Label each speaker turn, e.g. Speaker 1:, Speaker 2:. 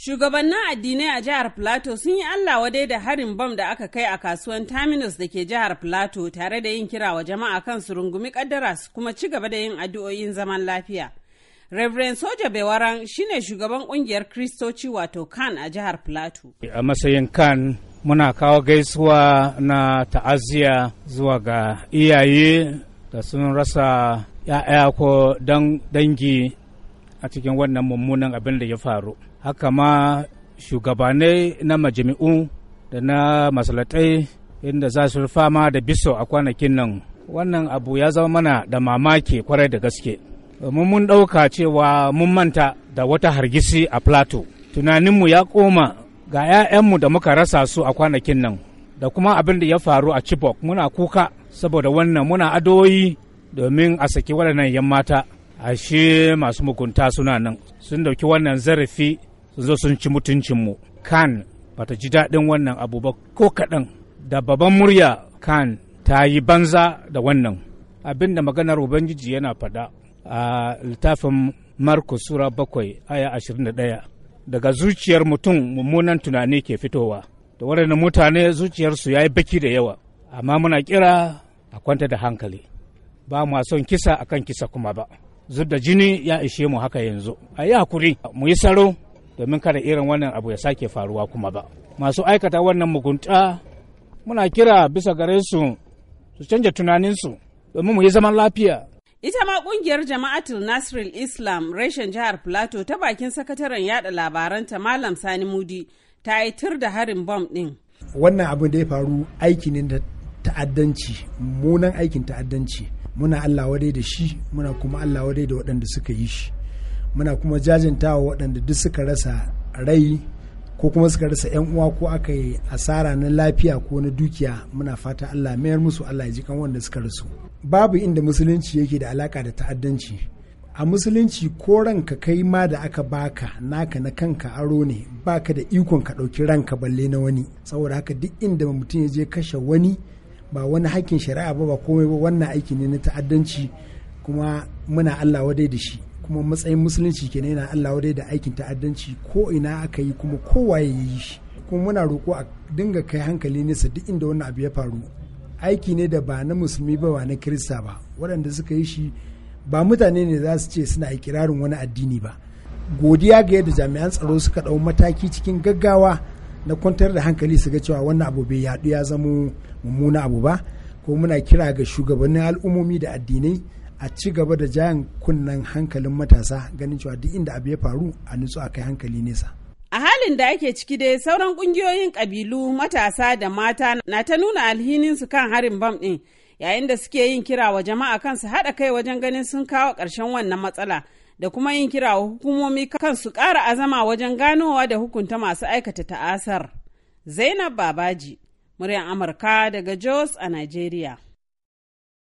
Speaker 1: Shugabannin addinai a jihar Plateau sun yi Allah wadai da harin bam da aka kai a kasuwan Terminus da ke jihar Plateau tare da yin kira wa jama'a kan su rungumi kaddara su kuma ci gaba da yin addu'o'in zaman lafiya. Reverend Soja Bewaran shine shugaban kungiyar Kristoci wato Kan a jihar Plateau.
Speaker 2: A matsayin Kan muna kawo gaisuwa na ta'aziya zuwa ga iyaye da sun rasa 'ya'ya ko dangi a cikin wannan mummunan abin da ya faru. haka ma shugabanai na majami'u da na masalatai inda za su fama da biso a kwanakin nan wannan abu ya zama mana da mamaki kwarai da gaske domin mun ɗauka cewa mun manta da wata hargisi a plato tunaninmu ya koma ga 'ya'yanmu da muka rasa su a kwanakin nan da kuma abin da ya faru a chibok muna kuka saboda wannan muna adoyi domin a saki waɗannan 'yan mata ashe masu mugunta suna nan sun ɗauki wannan zarafi zo sun ci mutuncinmu kan bata ji daɗin wannan abu ba ko kaɗan da baban murya kan ta yi banza da wannan abin da maganar ubangiji yana faɗa a littafin markus sura bakwai aya ashirin da ɗaya daga zuciyar mutum mummunan tunani ke fitowa da waɗanda mutane zuciyarsu ya yi baki da yawa amma muna kira a kwanta da hankali ba mu son kisa akan kisa kuma ba zub da jini ya ishe mu haka yanzu a yi hakuri mu yi saro domin kada irin wannan abu ya sake faruwa kuma ba masu aikata wannan mugunta muna kira bisa gare su su canja tunaninsu domin mu yi zaman lafiya
Speaker 1: Ita ma kungiyar jama'atul Nasril Islam reshen jihar Plateau ta bakin sakataren yada labaranta Malam Sani Mudi ta yi tur da harin bom din.
Speaker 3: Wannan abu da ya faru aiki ne da ta'addanci, munan aikin ta'addanci. Muna Allah wadai da shi, muna kuma Allah wadai da waɗanda suka yi shi. muna kuma jajintawa waɗanda duk suka rasa rai ko kuma suka rasa 'yan uwa ko aka yi asara na lafiya ko na dukiya muna fata allah mayar musu allah ya ji kan wanda suka rasu babu inda musulunci yake da alaka da ta'addanci a musulunci ko ranka kai ma da aka baka naka na kanka aro ne baka da ikon ka ɗauki ranka balle na wani saboda haka duk inda mutum ya je kashe wani ba wani hakkin shari'a ba ba komai ba wannan aiki ne na ta'addanci kuma muna allah wadai da shi kuma matsayin musulunci kenan yana Allah wadai da aikin ta'addanci ko ina aka yi kuma kowa ya yi shi kuma muna roƙo a dinga kai hankali nesa duk inda wannan abu ya faru aiki ne da ba na musulmi ba ba na kirista ba waɗanda suka yi shi ba mutane ne za su ce suna ikirarin wani addini ba godiya ga yadda jami'an tsaro suka ɗau mataki cikin gaggawa na kwantar da hankali su ga cewa wannan abu bai yaɗu ya zama mummuna abu ba ko muna kira ga shugabannin al'ummomi da addinai a ci gaba da jayan kunnen hankalin matasa ganin cewa duk inda abu ya faru a nutsu a kai hankali nesa.
Speaker 1: A halin da ake ciki dai sauran kungiyoyin kabilu matasa da mata na ta nuna alhinin su kan harin bam ɗin yayin da suke yin kira wa jama'a kansu haɗa kai wajen ganin sun kawo ƙarshen wannan matsala da kuma yin kira wa hukumomi kansu ƙara azama wajen ganowa da hukunta masu aikata ta'asar. Zainab Babaji, muryar Amurka daga Jos a Najeriya.